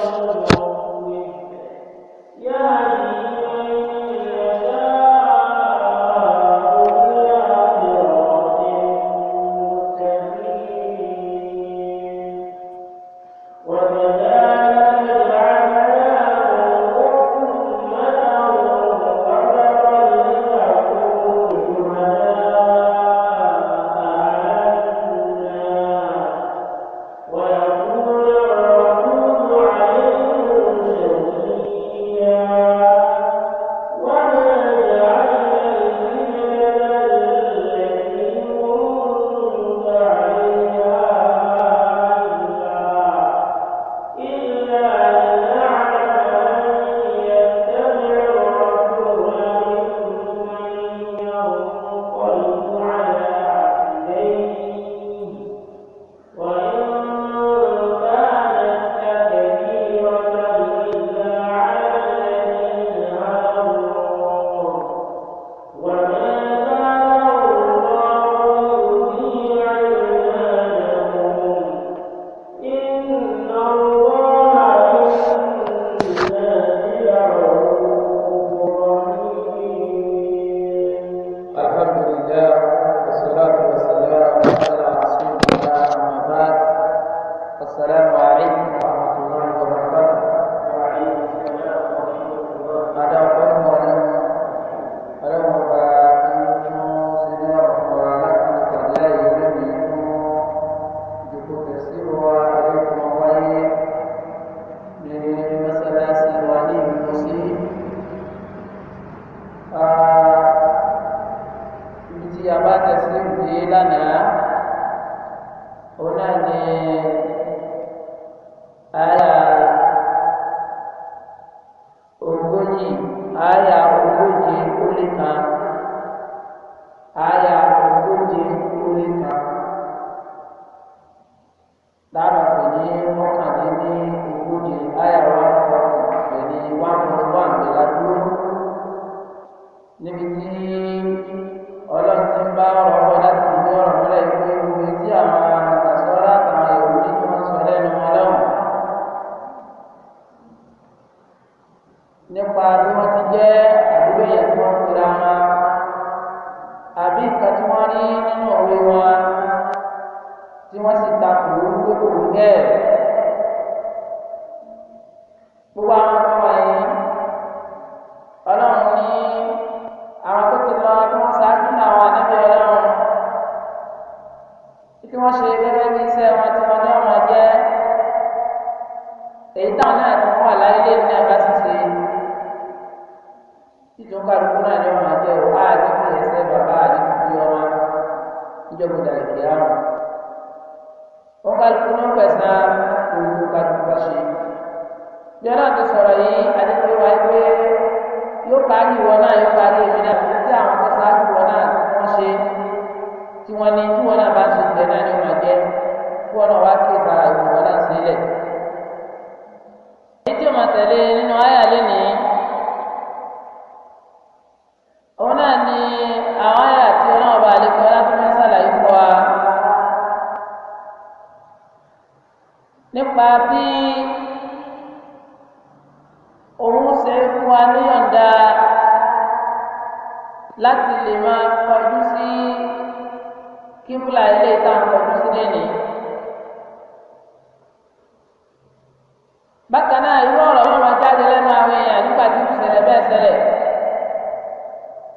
Allah.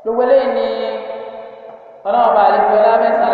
gbogbo eléyìí ni ọlọ́run bá àlejò ọlá mẹ́sàn-án.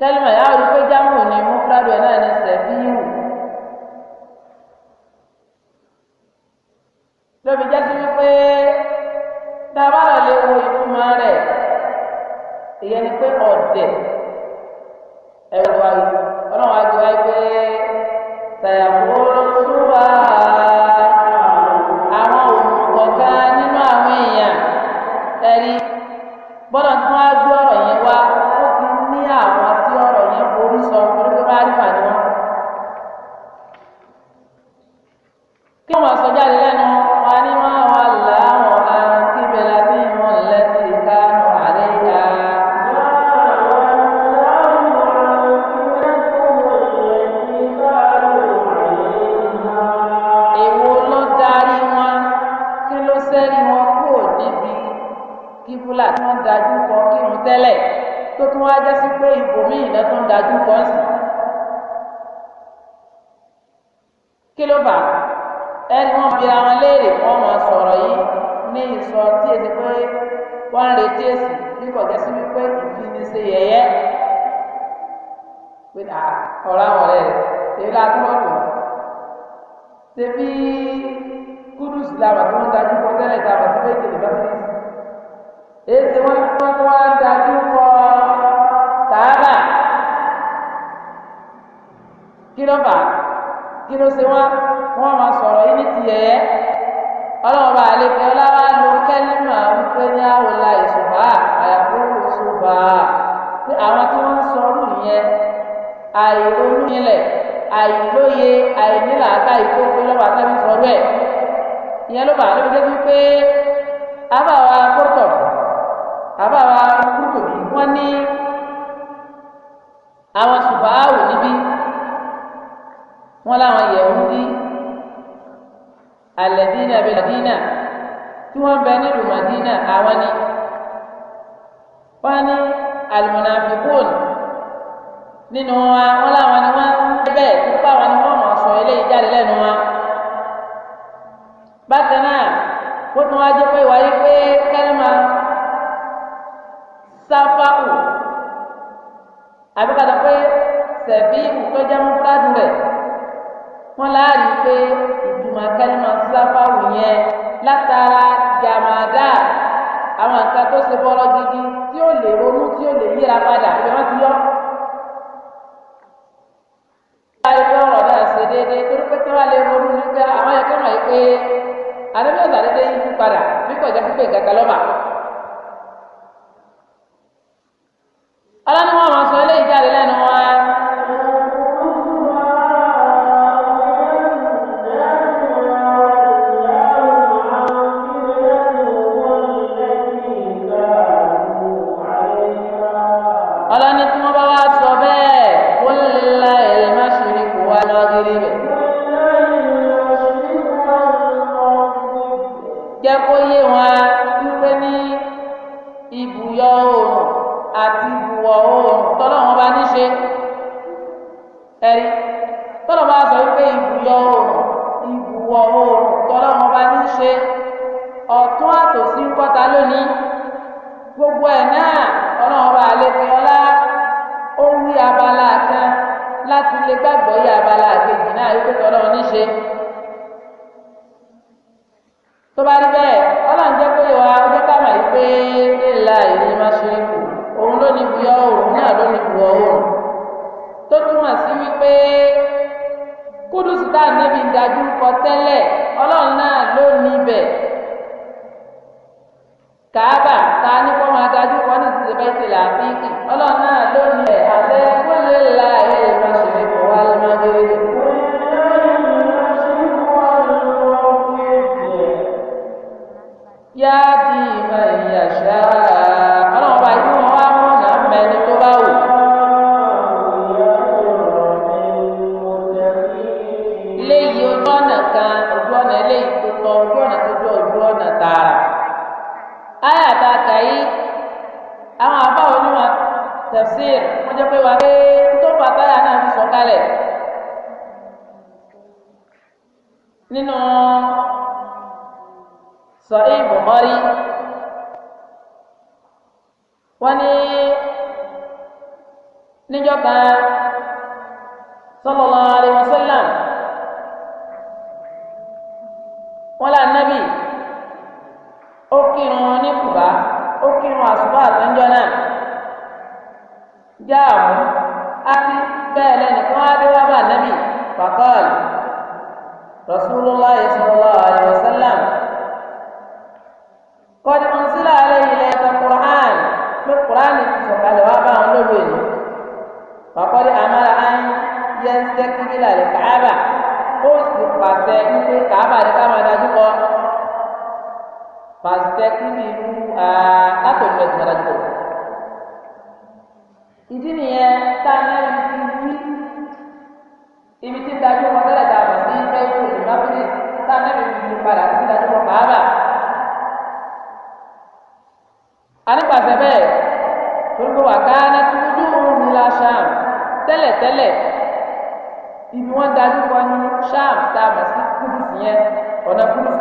Claro, wò níbí wọn láwọn yẹwùdí alẹdínà bíi madina tí wọn bẹ nílùú madina àwọn ni wọn ní almunafikun nínú wa wọn láwọn ni wọn bẹ́ẹ̀ tipa wọn ni wọn mọ sọ eléyìí jáde lẹ́nu wa bákan náà ó tún wá jẹ pé wáyé pé kẹlẹmà sáfàkù àbíkàtà sẹ̀fíìmù tó jẹ́ mọ́tàdù rẹ̀ wọ́n láàrin pé ìtumọ̀ kẹ́límà sáfàwù yẹn látara jàmàdà àwọn nǹkan tó ṣe fọ́rọ́ gidi tí ó lè ronú tí ó lè yíra padà ìbí wọ́n ti yọ. láàrin pé ọ̀rọ̀ náà ṣe déédéé torí pé tí wọ́n lè ronú nípa àwọn ẹ̀kọ́ mọ̀ yìí pé àdébíyọ̀sà déédéé yíjú padà bí kò jẹ́ pípé ìgbàgbọ́ lọ́ba. tá ànábì ń dájú kọ tẹ́lẹ̀ ọlọ́run náà ló ní ibẹ̀ kàábà ta ní kó máa dájú kọ ní ti bẹ́ẹ̀ ti là fi ọlọ́run náà ló ní ibẹ̀ àṣẹ kó lè la ẹ̀rọ ṣèlè kọ́ wa lọ́mọdé rẹ̀ kú. apa ọ̀nà kúrú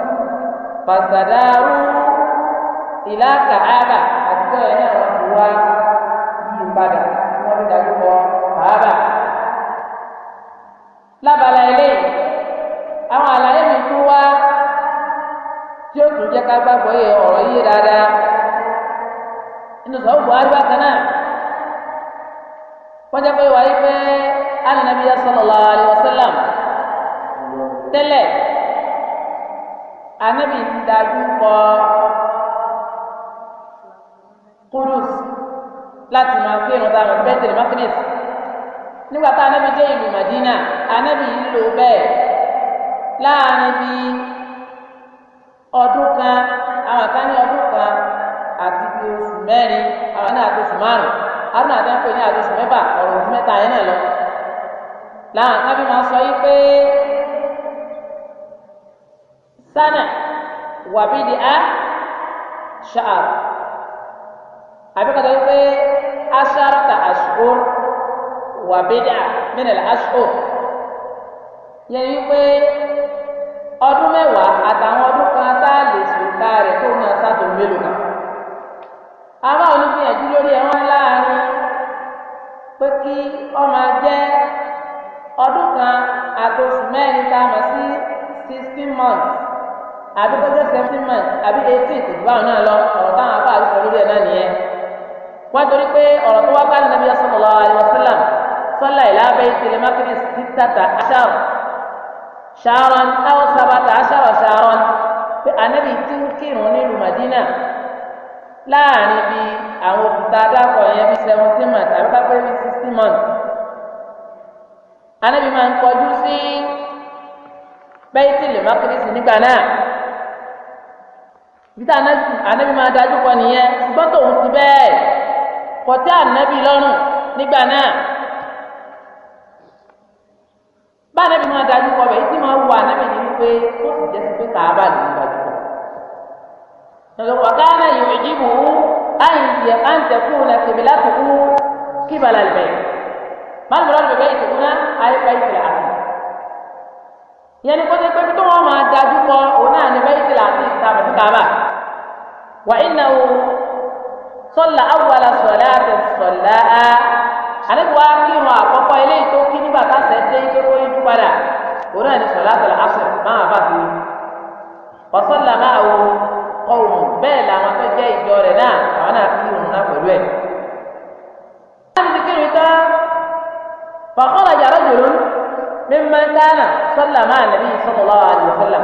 pàṣẹdárú ìlà kàába àti bẹ́ẹ̀ náà wọ́n ti wá yí padà wọ́n ti dájú kọ kàába. lábala ilé àwọn àlàyé mi tún wá tí ó tún jẹ́ ká gbàgbọ́ yẹ ọ̀rọ̀ yìí dáadáa nínú sọ̀rọ̀ buhari bákan sallallahu alaihi wasallam tẹ́lẹ̀ anabi ń dájú kọ kudus láti máa gbé irun tá a mọ̀ bẹ́tẹ̀lì mákínẹ́t nígbà tá anabi dé ìlú madina anabi ń lò bẹ́ẹ̀ láàrin bí ọdún kan àwọn kan ní ọdún kan àti bí oṣù mẹ́rin àwọn náà àti oṣù márùn àwọn àti ẹ̀kọ́ ní àti oṣù mẹ́fà ọ̀rọ̀ oṣù mẹ́ta yẹn náà lọ láàrin kábí máa sọ yí pé sana wà bídìá ṣáàr àbíkàtà wípé aṣáàràtà àṣùkò wà bídìá mínàlá àṣùkò yẹn wípé ọdún mẹ́wàá àtàwọn ọdún kan tá a lè sùn ká rẹ̀ tó náà sátò mélòó kan àbá onígbìyànjú lórí ẹ̀wọ̀n láàrin pé kí ọmọ jẹ́ ọdún kan àtòsùn mẹ́rin tá a mọ̀ sí sixteen months àbí kọjá seventeen months àbí eighteen kò báwọn náà lọ ọ̀rọ̀ táwọn afá àbí sọ̀rọ̀ lórí ẹ̀ náà nìyẹn wọ́n torí pé ọ̀rọ̀ tó wá bá nàbí sallallahu alaihi wasallam sọ́lá ìlàbẹ́ ìtìlẹ̀ mákìrìs títàtà aṣáàrù ṣàrọ̀n táwọn sábàtà aṣáàrọ̀ ṣàrọ̀n pé ànábì tí ń kírun nílùú Madina láàrin bí àwọn òkúta adákọ̀ yẹn bí seventeen months àbí kápẹ́ bí sixteen months ànábì máa ń kọjú sí Baitul Maqdis nígbà náà bíta anabi máa dájú kọ nìyẹn ṣùgbọ́n tòun ti bẹ́ẹ̀ kọtí anabi lọ́rùn nígbà náà bá anabi máa dájú kọ bẹ́ẹ̀ tí máa wù anabi ní wípé ó sì jẹ́ sí pé kàábà ló ń dájú kọ. lọ́lọ́wọ́ káná yóò jí mú àyìnbíyẹ àǹtẹ̀kùn náà kèmí láti kú kíbalà lẹ́yìn. máa lọ́ọ́ lọ́ọ́ bẹ̀rẹ̀ ìtẹ̀kùn náà ayé pẹ́ ìtẹ̀lẹ̀ àti yẹn ni kó tẹ́ pé tó wọ́n máa dájú kọ òun náà ní bẹ́ẹ̀ ìtẹ̀lẹ̀ àti ìtàbẹ̀tì kàábà. وإنه صلى أول صلاة صلاها àníkù wá kí irun àkọ́kọ́ eléyìí tó kí nígbà táṣẹ̀ dé tó kó yíjú padà òun náà ní sọ̀lá àtàlà aṣọ máa bá sí i ọ̀sọ́là máa wo ọ̀hún bẹ́ẹ̀ làwọn tó jẹ́ ìjọ rẹ̀ náà àwọn náà kí irun náà pẹ̀lú ẹ̀. láti ti kírun tán fàkọ́lá yàrá jòló mímọ́ dáná sọ́là máa nàbí sallallahu alaihi wasallam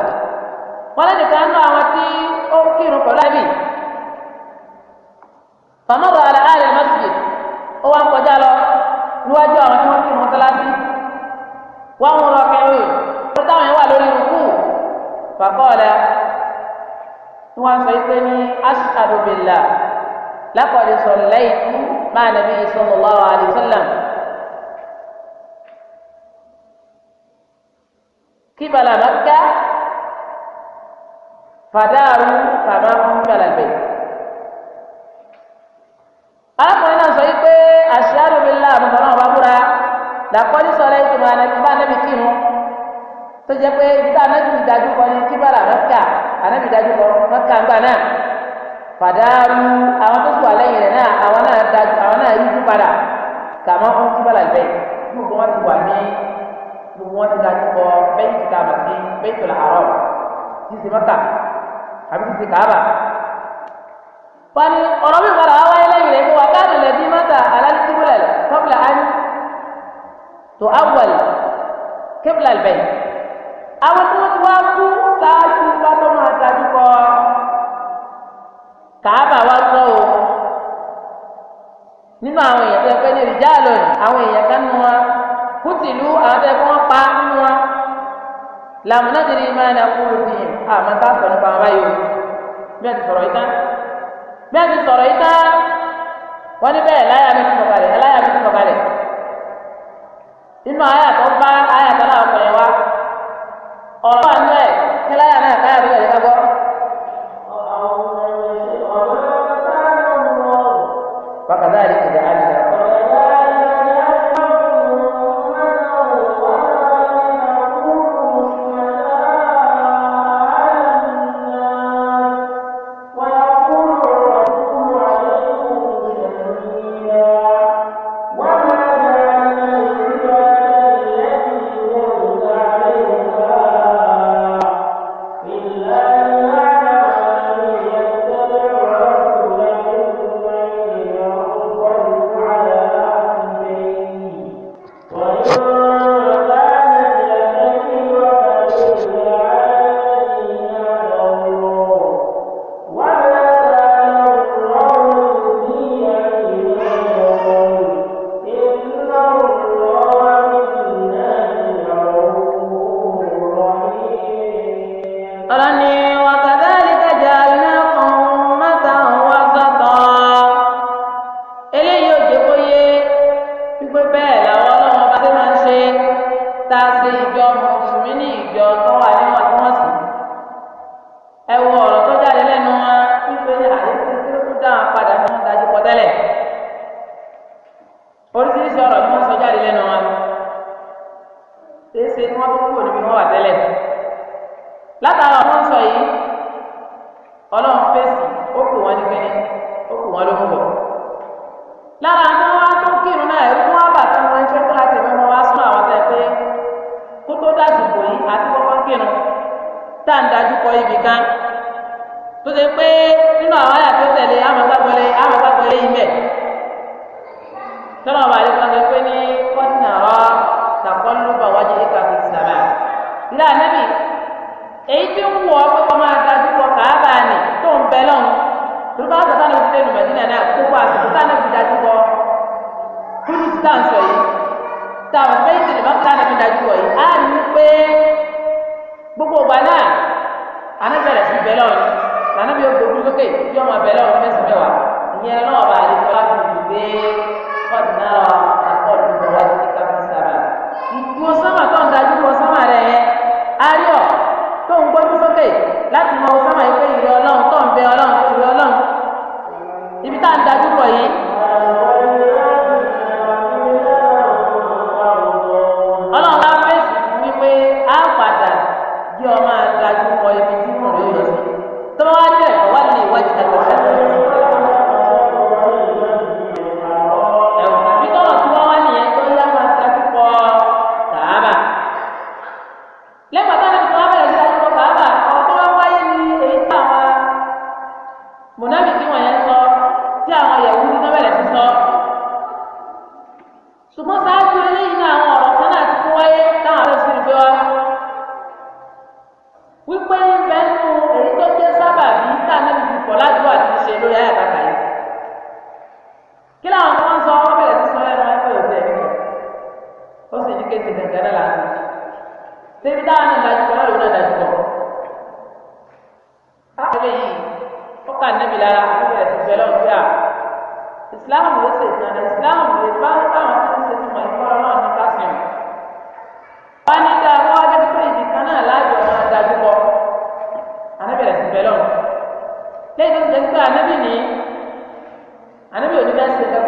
wọn lẹ́nìkan nú àwọn tí ó kírun pẹ̀lú àbí fàmọ́dọ̀ àlẹ́ àlẹ́ mọ́sídìí ó wá ń kọjá lọ níwájú àwọn tí wọ́n kírun mọ́sálásí wọ́n ń rọ kẹrin tó táwọn yẹn wà lórí rúkú fàkọ́ọ̀lẹ́ tí wọ́n sọ pé ní ashhadu billah laqad sallaytu ma'a nabiyyi sallallahu alaihi wasallam. قبل مكة fàdáàrú kàmá ń gbàlàgbé. arákùnrin náà sọ yìí pé ashhadu billahi àbùkù náà wà búra làkọ́jú sọ̀rọ̀ ìtumọ̀ ànàbí bá ànàbí kí mu tó jẹ́ pé ibi tá ànàbí dájú kọ ní kíbàrà mẹ́kà ànàbí dájú kọ mẹ́kà ńgbà náà fàdáàrú àwọn tó sùn àlẹ́ yìí náà àwọn náà dájú àwọn náà yíjú padà kàmá ń kíbàlàgbé gbogbo wọn ti wà ní gbogbo wọn ti dájú kọ bẹ́ẹ̀ ti ta bẹ́ẹ̀ tó la àrọ̀ ti sì àbí títí kàábà. wọ́n ní ọ̀rọ̀ mi padà wá wáyé lẹ́yìn rẹ̀ pé wà káàdì lẹ́bí mọ́tà alálùkíbùlẹ̀ kọ́bìlà á ní tó awọ̀l kébìlà bẹ̀yìn. àwọn tí wọ́n ti wá kú sáájú bá tó máa dájú kọ́ kàábà wá sọ o nínú àwọn èèyàn tó yẹ pé ní ìjà lónìí àwọn èèyàn kan nù wọn kùtìlú àwọn tó yẹ pé wọ́n pa nínú wọn làmúnájìrì máa ń akúrò bìyìn àmọ́ tá a sọ nípa wọn báyìí o bí wọ́n ti sọ̀rọ̀ yìí tán bí wọ́n ti sọ̀rọ̀ yìí tán wọ́n ní bẹ́ẹ̀ láyà mi ti sọ̀kalẹ̀ aláyà mi ti sọ̀kalẹ̀ nínú àyàtọ̀ bá àyàtọ̀ láwọn ọ̀pọ̀ yẹn wá ọ̀rọ̀ wà ní oríṣiríṣi ọ̀rọ̀ tí wọ́n sọ jáde lẹ́nu wa ṣeéṣe ni wọ́n tó kúrò níbi wọ́n wà tẹ́lẹ̀ látara wọ́n sọ yìí ọlọ́run fèsì ó kù wọ́n ní ó kù wọ́n ló lára ní tó kírun náà ẹ̀rú wọn bà wá sún àwọn pé kó tó dàsìkò yìí àti kan tó ṣe pé nínú àwọn àyà tó tẹ̀lé àmọ́ gbàgbọ́lé tọ́lá ọba àdéhùn sọ pé ní kọ́ńtà rọ tàkọ́lùbà wájú ìka fi sàmà nílẹ̀ ànábì èyí tí ń wọ pé kọ́ máa dájú kọ kàábà ni tó ń bẹ lọ́hùn tòlúbà wọn sọ̀tàn lóbi lẹ́nu mẹ́tìnà náà kókó àsìkò tá ànábì dájú kọ kúrú ti dáhùn sọ yìí táwọn fẹ́ẹ́ ti lè má kúrò ànábì dájú kọ yìí á rí i pé gbogbo ìgbà náà ànábì rẹ̀ sí bẹ lọ́hùn ànábì ó gbogbo sókè yọmọ bẹ lọ́hùn mẹ́sàn-án mẹ́wàá ìyẹn náà ọba àdéhùn Allah. Oh. kesi tẹ̀tẹ̀rẹ̀ la ti ṣébi táwọn náà dájú kọ́ lóun náà dájú kọ́ káàkiri yìí ó kà níbi lára ó bẹ̀rẹ̀ sí bẹ́lọ̀ sí à ìsìláàmù ló ṣe ìtàn ìsìláàmù lè bá táwọn tó ń ṣe ti mọ̀ ìfọ́ ọlọ́run ní kásìn wọ́n ní ká wọ́n wá dájú pé ìdí kan náà láàjọ náà dájú kọ́ ànábẹ̀rẹ̀ sí bẹ́lọ̀ lẹ́yìn tó ń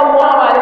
sallallahu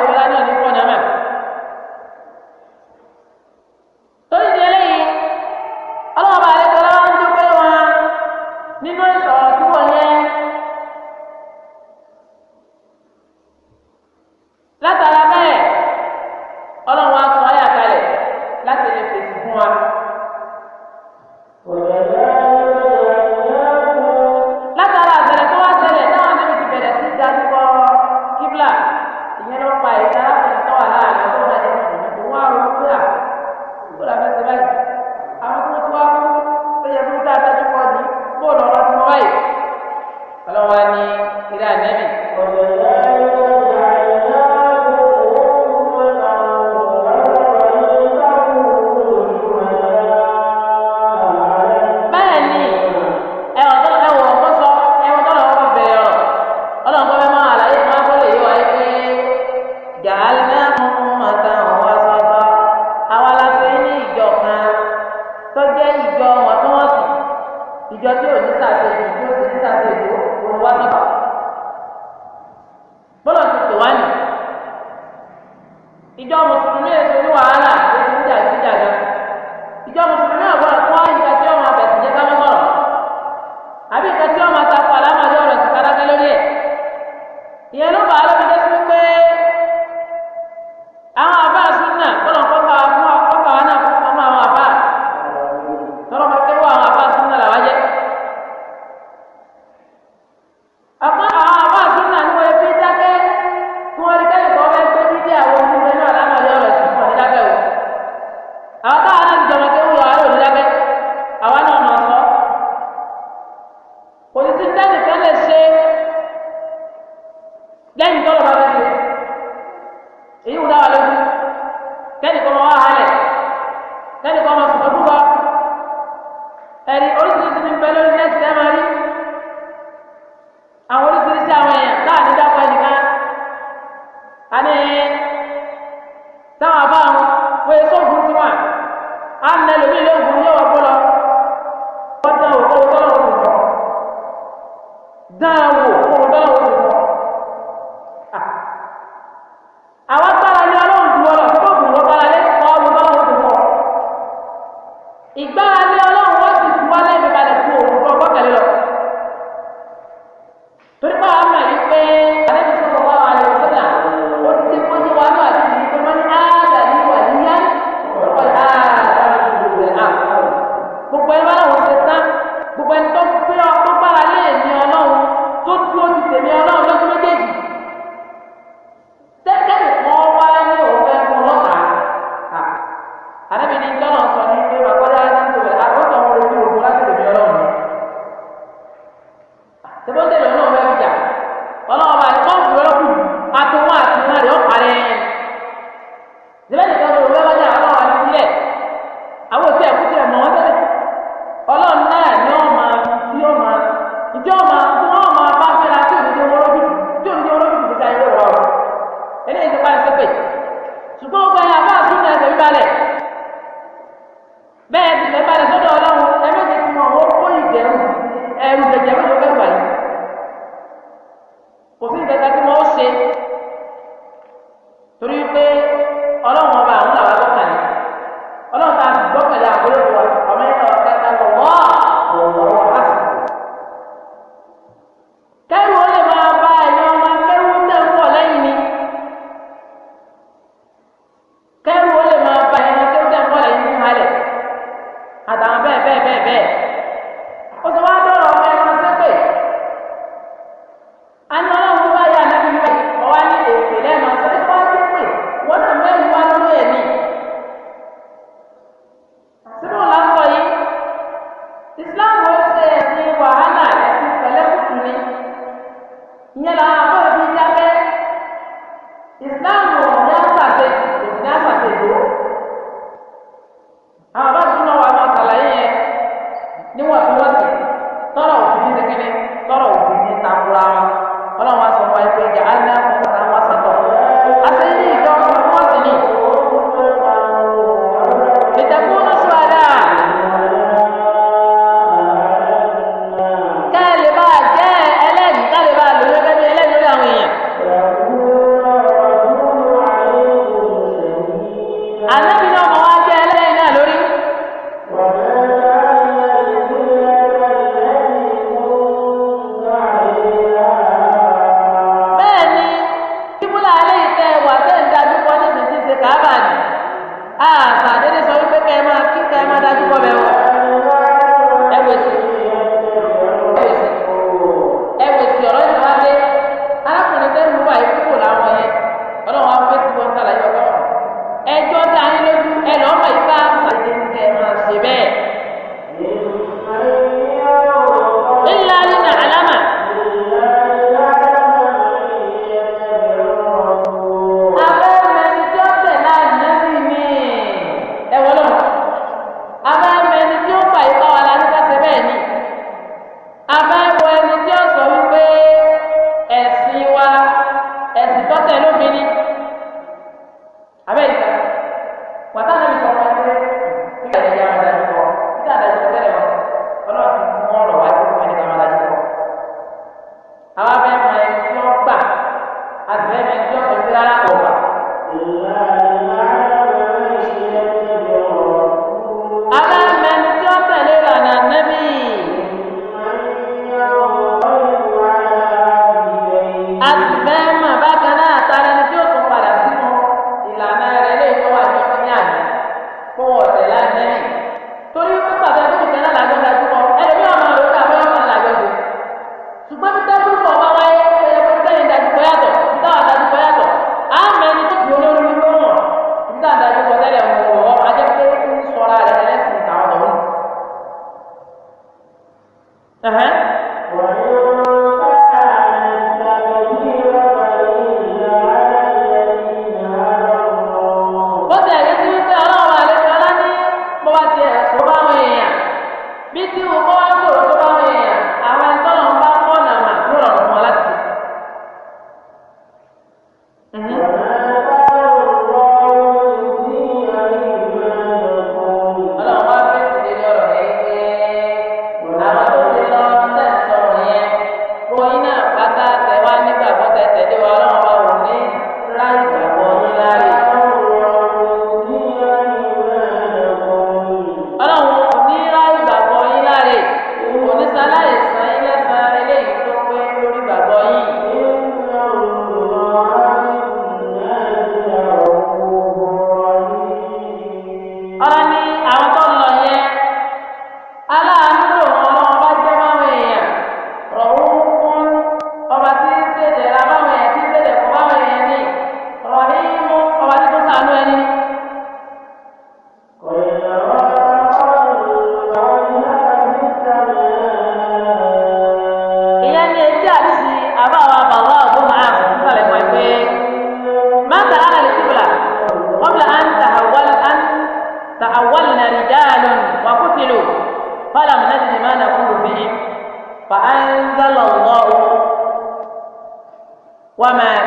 àbáwá bàbá ọ̀gbọ́n máa ń sọ̀rọ̀ ẹ̀mọ́ ẹgbẹ́ máa ta ara lè kíkùlà wọ́n bí an ta àwọn na rìdáàlù wà kú tìlù fọlá mi láti ní máa na kúrò bí fa an zala wọ́ọ̀ wọ́n máa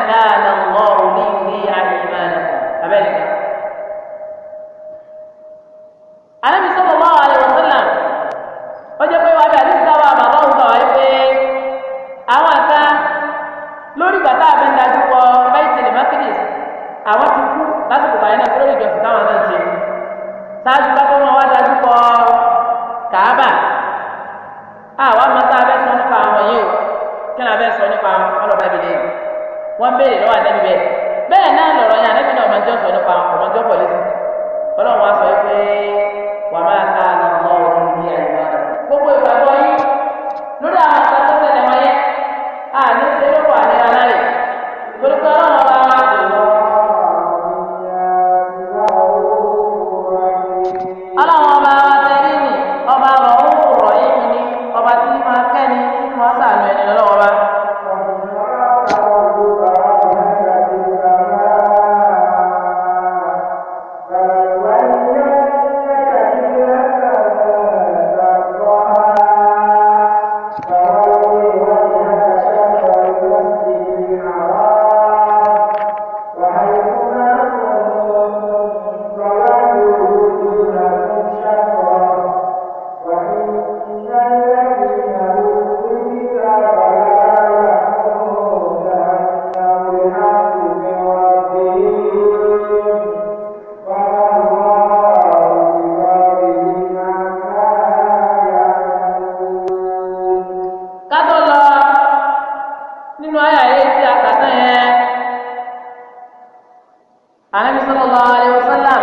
Ànábì sallallahu alaihi wasallam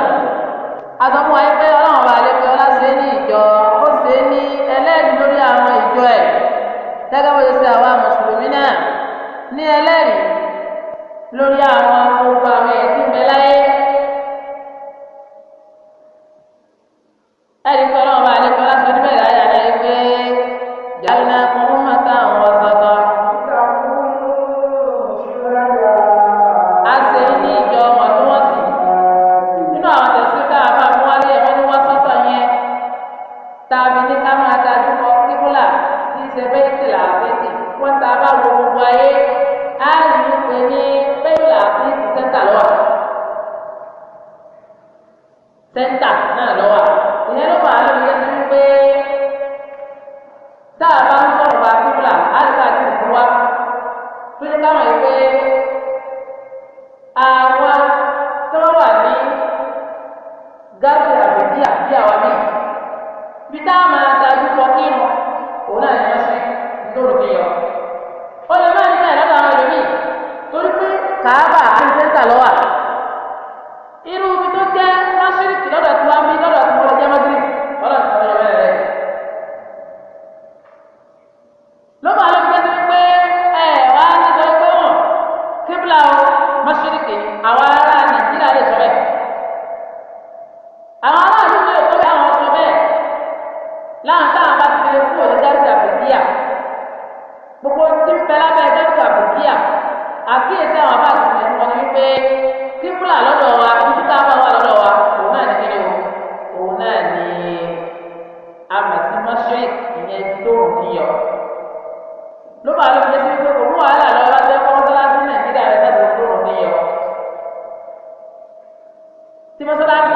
Tem umas horários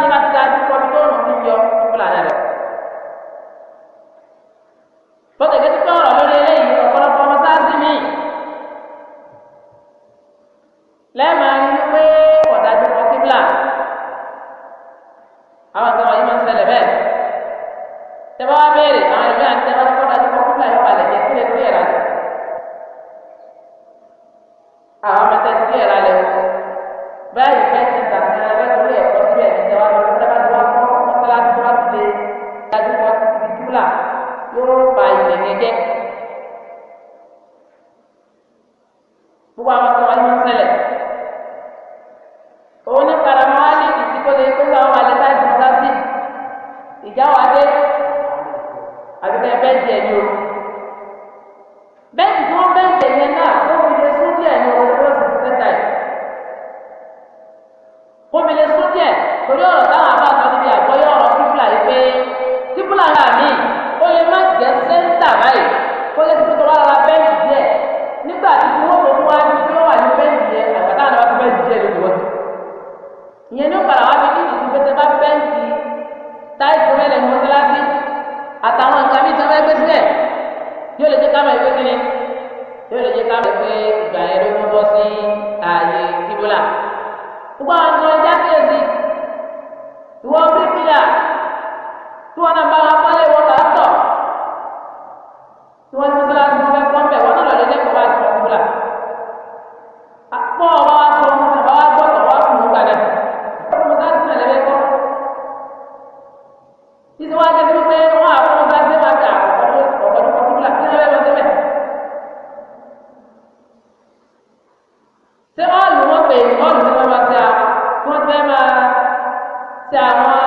Tchau.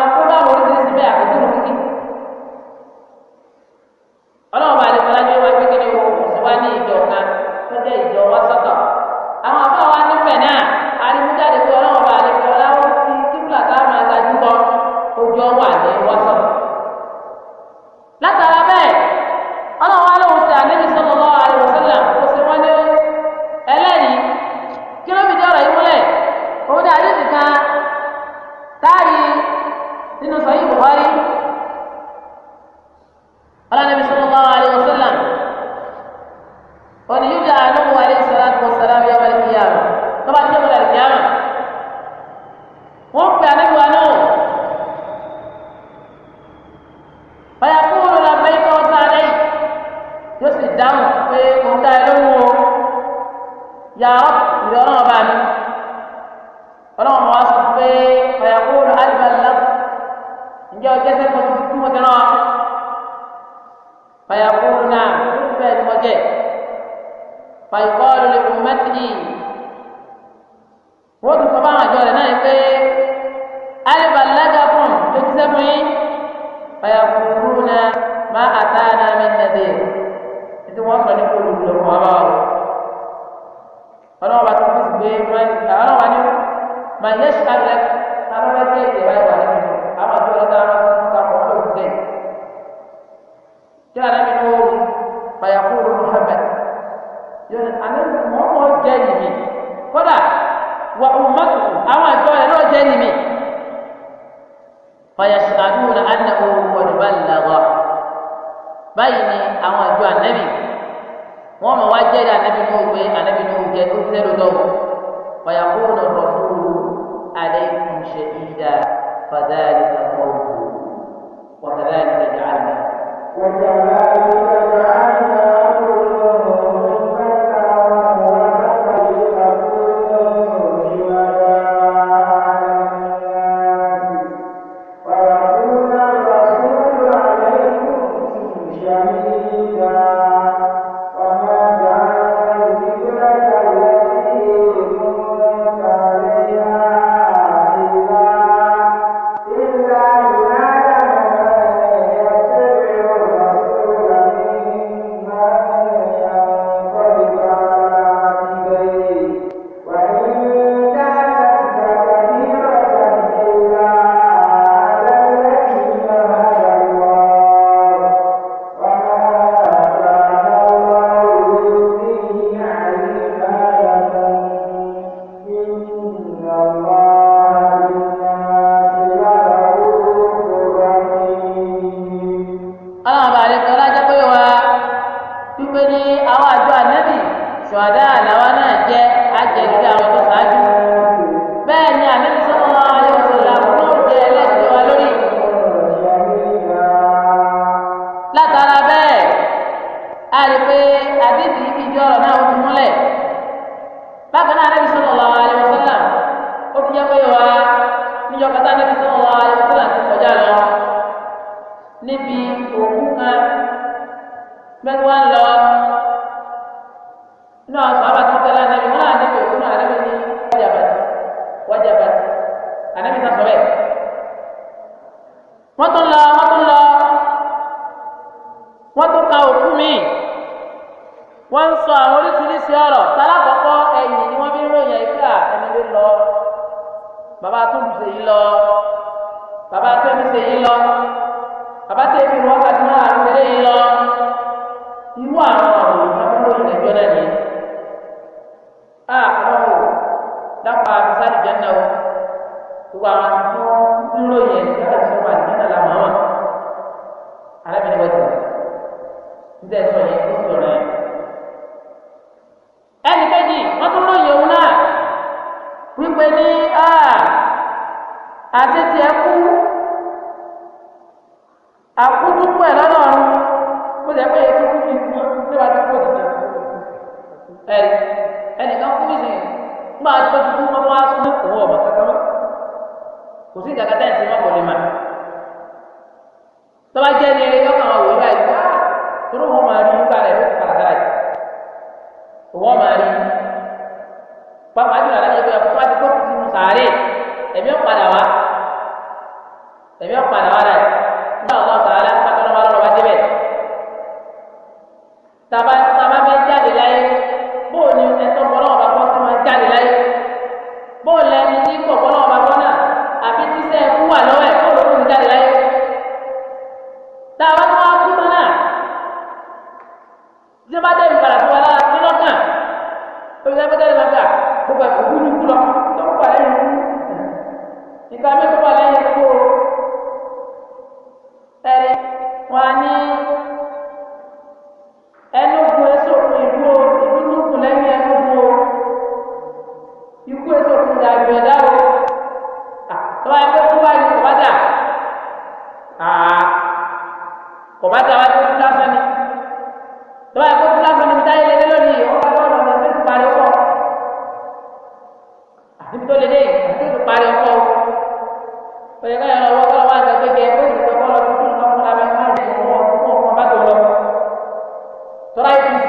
Obrigado.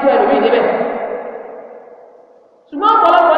tó ẹlòmíì níbẹ̀ ṣùgbọ́n ọ̀pọ̀lọpọ̀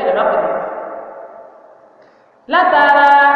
المقدس لا ترى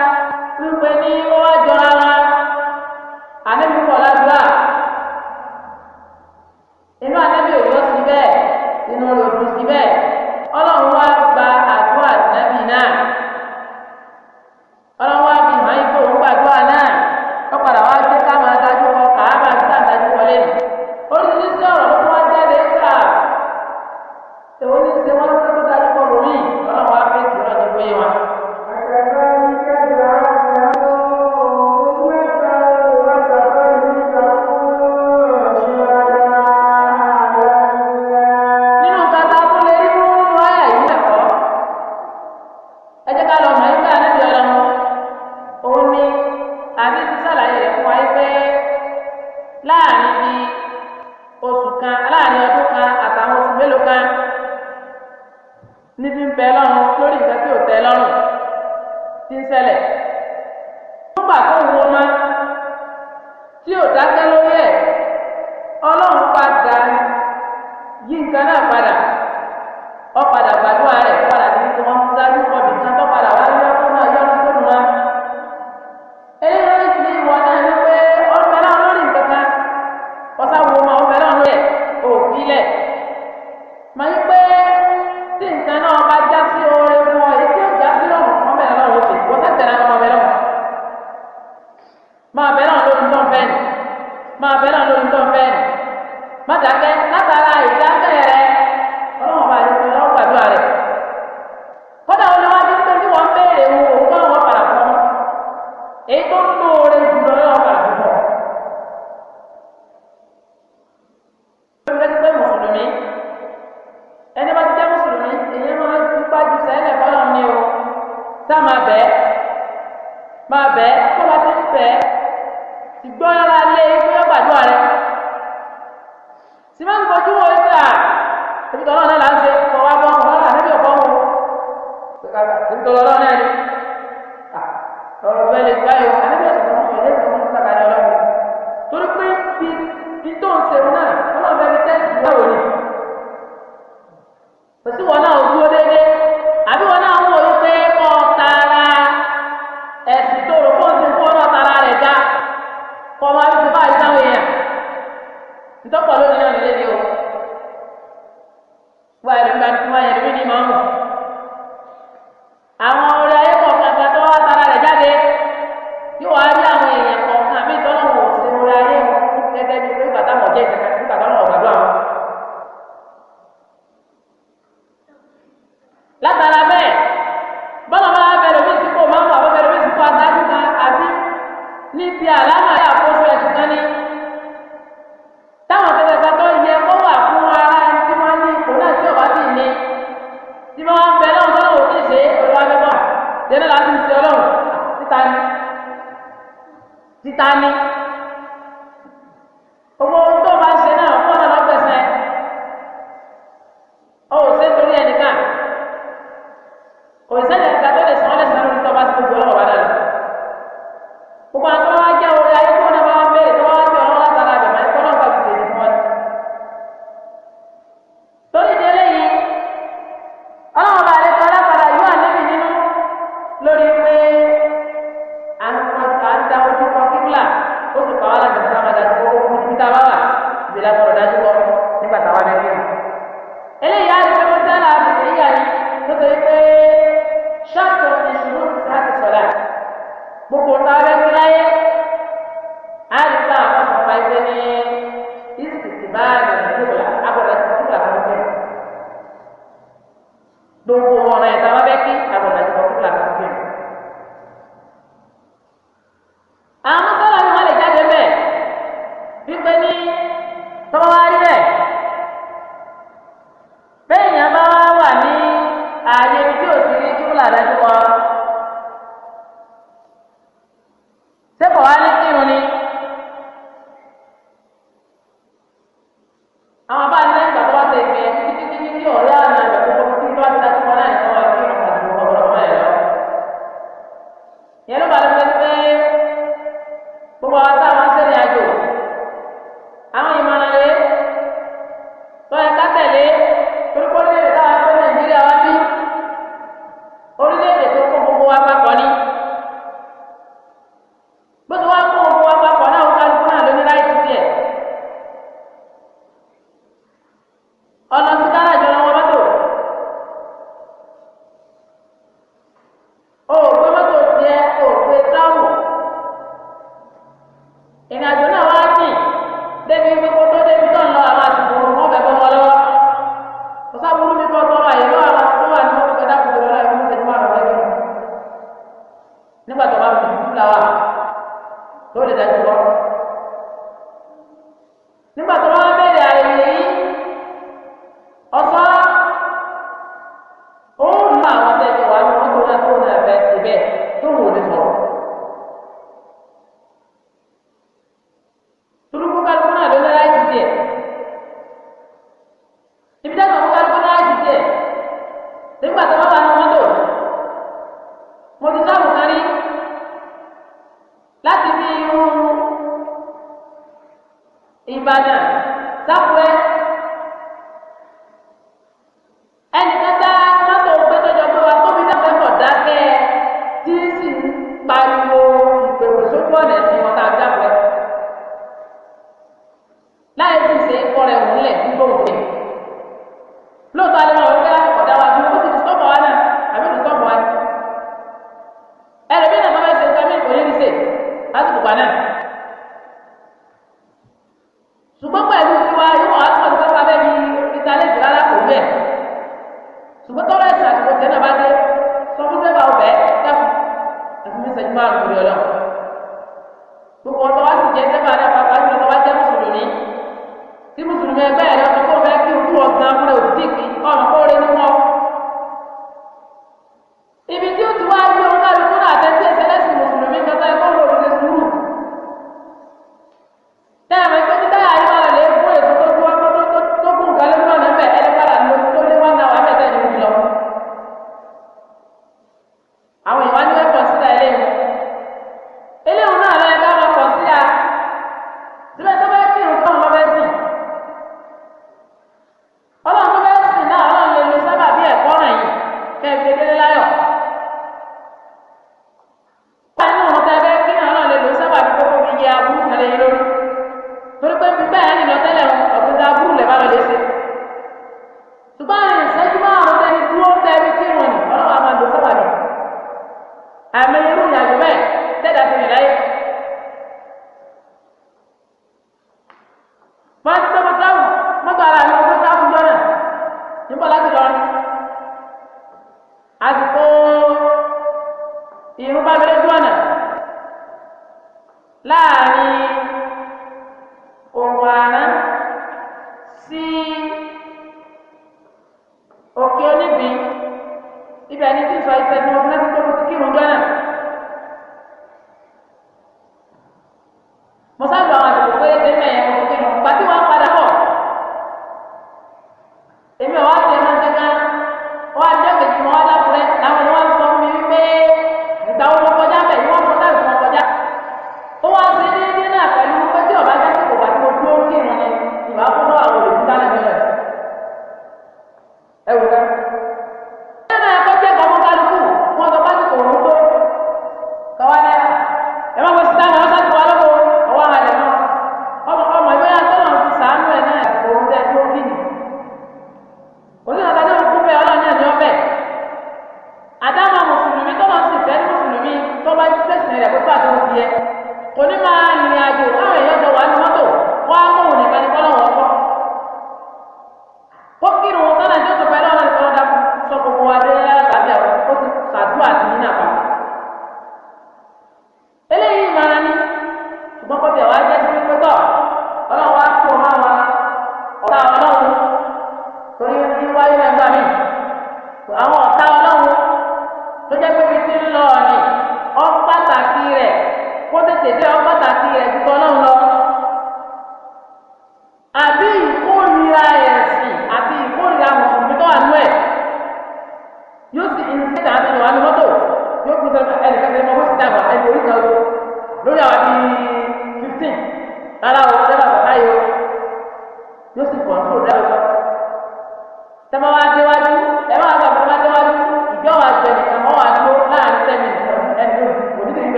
bẹ́ẹ̀ máa bẹ́ẹ̀ tó bá ti ń bẹ́ẹ̀ ṣùgbọ́n yàrá lé fún yàgbà àdúrà rẹ̀ sì máa ń gbójú wọn nígbà tẹ̀síkọ̀ náà náà là ń ṣe. é Ibadan, Sapwe, पहले की स्वाइप करने में अपना तो मुमकिन होगा ना तो